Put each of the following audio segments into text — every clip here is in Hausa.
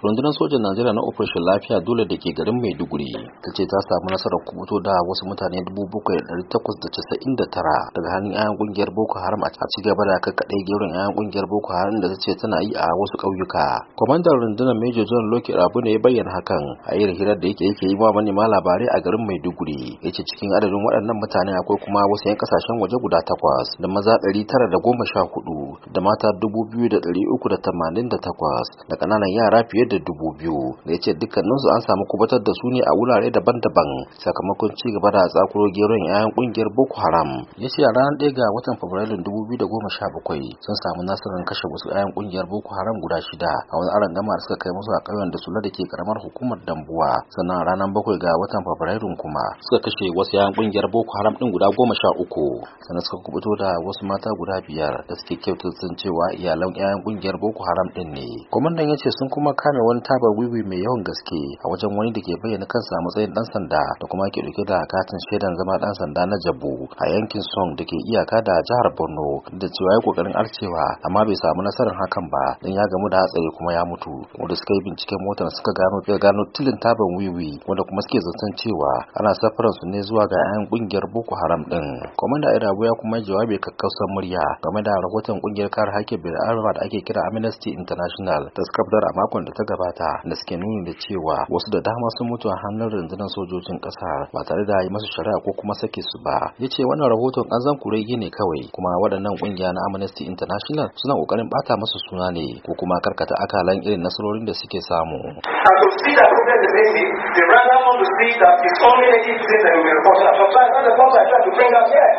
rundunar sojan najeriya na operation lafiya dole da ke garin maiduguri ta ce ta samu nasarar kubuto da wasu mutane 7,899 daga hannun yayan kungiyar boko haram a ci da da kaɗai gerin yayan kungiyar boko haram da ta ce tana yi a wasu ƙauyuka kwamandan rundunar major john loke rabu ne ya bayyana hakan a yi hirar da yake yake yi wa manema labarai a garin maiduguri ya ce cikin adadin waɗannan mutane akwai kuma wasu 'yan kasashen waje guda takwas da maza 914 da mata 2,388 da ƙananan yara fiye da dubu biyu da ya ce dukkaninsu an samu kubatar da su ne a wurare daban-daban sakamakon ci gaba da tsakuro geron 'ya'yan kungiyar boko haram ya ce a ranar ɗaya ga watan fabrairun dubu biyu da goma sha bakwai sun samu nasarar kashe wasu 'ya'yan kungiyar boko haram guda shida a wani aron gama suka kai musu a ƙauyen da sula da ke karamar hukumar dambuwa sannan ranar bakwai ga watan Fabrairu kuma suka kashe wasu 'ya'yan kungiyar boko haram din guda goma sha uku sannan suka kubuto da wasu mata guda biyar da suke kyautar cewa iyalan 'ya'yan kungiyar boko haram din ne kwamandan ya ce sun kuma kame mai wani tabar wiwi mai yawan gaske a wajen wani da ke bayyana kansa a matsayin dan sanda da kuma ke dauke da katin shaidan zama dan sanda na jabu a yankin song da ke iyaka da jihar borno da cewa ya kokarin arcewa amma bai samu nasarar hakan ba don ya gamu da hatsari kuma ya mutu wanda suka yi binciken motar suka gano gano tilin tabar wiwi wanda kuma suke zaton cewa ana safaran su ne zuwa ga 'yan kungiyar boko haram din komanda irabu ya kuma jawabi kakkausar murya game da rahoton kungiyar kare hakkin bil'adama da ake kira amnesty international ta skabdar a makon da ta gabata da suke nuni da cewa wasu da dama sun mutu a hannun rundunar sojojin ƙasa ba tare da yi masu shari'a ko kuma sake su ba ya ce wannan rahoton ƙanzan kurege ne kawai kuma waɗannan ƙungiya na amnesty international suna ƙoƙarin ɓata masu suna ne ko kuma karkata akalan irin nasarorin da suke samu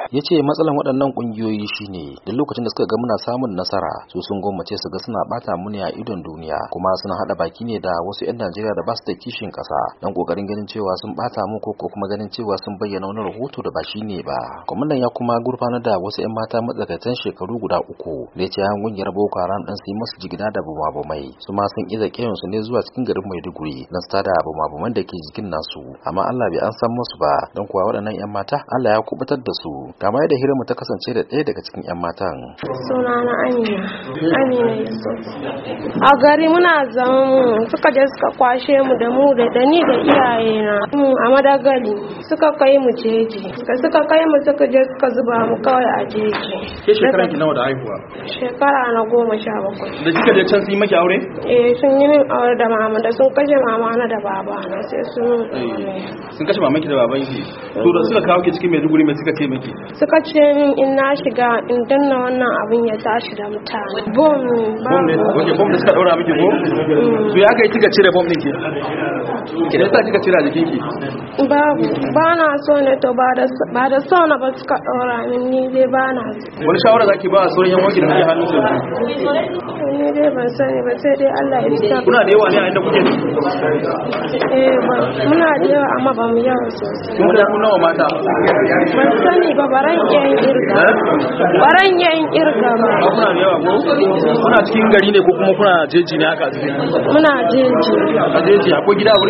ya ce matsalan waɗannan ƙungiyoyi shine duk lokacin da suka ga muna samun nasara su sun gwamnace su ga suna bata muni a idon duniya kuma suna haɗa baki ne da wasu 'yan najeriya da ba su da kishin ƙasa don ƙoƙarin ganin cewa sun bata mu ko kuma ganin cewa sun bayyana wani rahoto da ba shine ba kwamandan ya kuma gurfanar da wasu 'yan mata matsakaitan shekaru guda uku da ya ce an ƙungiyar boko haram ɗan su yi masu jigida da bumabumai su ma sun iza su ne zuwa cikin garin maiduguri don su tada bumabuman da ke jikin nasu amma allah bai an san musu ba don kuwa waɗannan 'yan mata allah ya kubutar da su kama yadda hirarmu ta kasance da ɗaya daga cikin 'yan matan. na amina amina a gari muna zama suka je suka kwashe mu da mu da dani da iyayena a madagali suka kai mu jeji suka kai mu suka je suka zuba mu kawai a jeji ke shekara ki nawa da haihuwa shekara na goma sha bakwai da kika je can sun yi maki aure eh sun yi min aure da mama da sun kashe mama na da baba na sai sun eh, sun kashe mamaki da baban ki to da eh. suka kawo ki cikin Maiduguri mai suka ce miki suka ce min in na shiga in danna wannan abin ya tashi da mutane bom ba bom ne suka daura miki bom mm. su ya kai kika cire bom ne ke ki da kika cire a jikinki babu ba na so ne to ba da ba da so na ba suka ɗora min ni dai ba na so wani shawara zaki ba a sauran yan wanki da kuke hannu su ni dai ban sani ba sai dai Allah ya isa kuna da yawa ne a inda kuke eh ba muna da yawa amma ba mu yawa sosai kun da nawa mata ban sani ba baran yayin irga baran yayin irga ba eh? kuna da yawa ko kuna cikin gari ne ko kuma kuna jeji ne haka a cikin muna jeji a jeji akwai gida a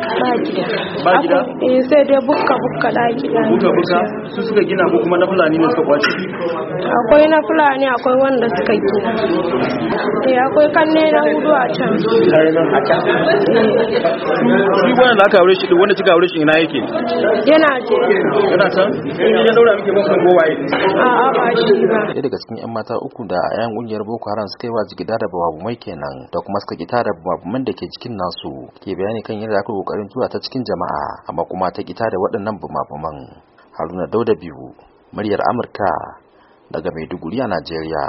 ba gida ba gida eh sai dai bukka bukka daki na bukka bukka su suka gina ko kuma na fulani ne suka kwace akwai na fulani akwai wanda suka gina eh akwai kanne na hudu a can a can shi wannan da aka aure shi wanda kika aure shi ina yake yana je yana can in ya daura miki bakon gowaye a'a ba shi ba Sai daga cikin yan mata uku da yan kungiyar boko haram suka yi wa jigida da babu mai kenan da kuma suka kita da babu man da ke jikin nasu ke bayani kan yadda aka kokarin tura ta cikin jama'a amma kuma ta kita da waɗannan bumabuman haruna dauda biyu muryar amurka daga maiduguri a najeriya